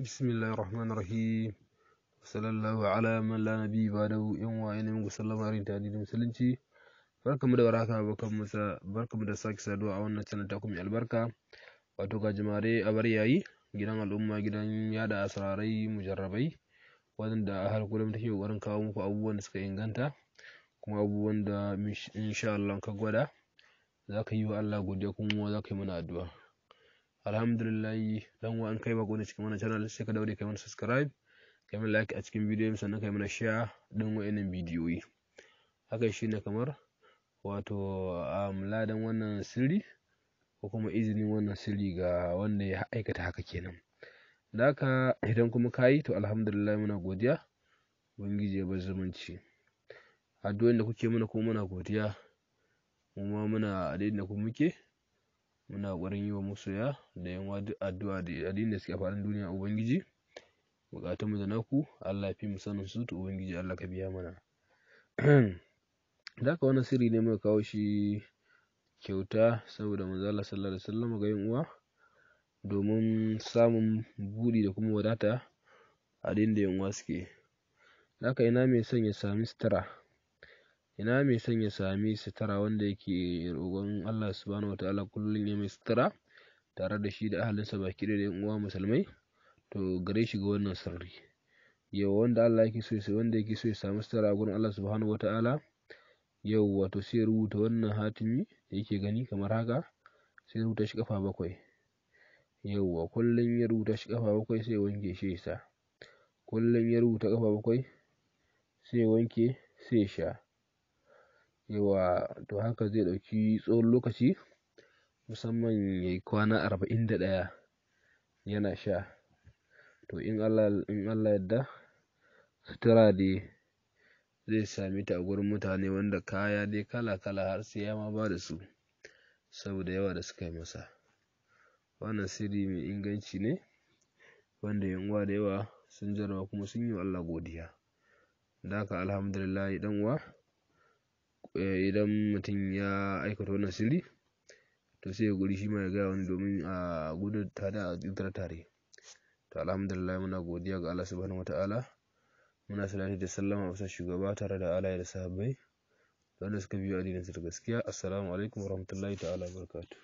بسم الله الرحمن الرحيم sallallahu ala man la nabi ba da yan waye ne muku sallama rin ta da musulunci barkamu da waraka barkamu da barkamu da sake saduwa a wannan channel ta kuma albarka wato ga jimare a bar yayi gidan al'umma gidan yada asrarai mujarrabai wanda a har kullum take kokarin kawo muku abubuwan da suka inganta kuma abubuwan da insha Allah ka gwada zaka yi wa Allah godiya kuma zaka yi mana addu'a alhamdulillahi dan wa an kai bako ne cikin wannan channel sai ka daure kai mana subscribe kai mana like a cikin bidiyon sannan kai mana share din wa'annan bidiyoyi haka shine kamar wato ladan wannan sirri ko kuma izinin wannan sirri ga wanda ya aikata haka kenan da haka idan kuma ka yi to alhamdulillah muna godiya ubangiji ya bar zumunci addu'o'in da kuke mana kuma muna godiya kuma muna da kuma muke muna ƙoƙarin yi wa masoya da yin addu'a da addinin da suke faɗin duniya ubangiji Buƙatunmu da naku Allah fi mu sanin su to ubangiji Allah ka biya mana da haka wannan sirri ne muka kawo shi kyauta saboda manzo Allah sallallahu alaihi wasallam ga yan uwa domin samun buɗi da kuma wadata a da yan uwa suke haka ina mai son ya sami sutura Ina mai son ya sami sitara wanda yake roƙon Allah Subhanahu wataala kullum ya mai sitara tare da shi da ahalinsa baki da yan uwa musulmai to gare shi ga wannan sirri. Yau wanda Allah yake so sai wanda yake so ya sami sitara a gurin Allah Subhanahu wataala yau wato sai rubuta wannan hatimi da yake gani kamar haka sai rubuta shi ƙafa bakwai. Yauwa kullum ya rubuta shi ƙafa bakwai sai wanke shi sa. Kullum ya rubuta ƙafa bakwai sai wanke sai sha. Yawa to haka zai ɗauki tsawon lokaci musamman yayi kwana arba'in da ɗaya yana sha. To in Allah, yadda sutura dai zai same ta a gurin mutane wanda kaya dai kala kala har sai ya ma ba da su saboda yawa da suka yi masa. Wannan sirri mai inganci ne wanda ƴan uwa da yawa sun jarraba kuma sun yi wa Allah godiya. Da haka Alhamdulillah ɗan uwa. Eh, idan mutum ya aikata wannan sirri to sai ya ƙoƙari shi ma ya gaya wa wani domin a gudu tare a tsira tare. To alhamdulillah muna godiya ga Allah subhanahu wa ta'ala. Muna salati da sallama bisa shugaba tare da alaye da sahabbai. Da wanda suka biyo su da gaskiya. Assalamu alaikum rahmatullahi ta'ala wabarakatuh.